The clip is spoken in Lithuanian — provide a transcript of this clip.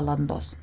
valandos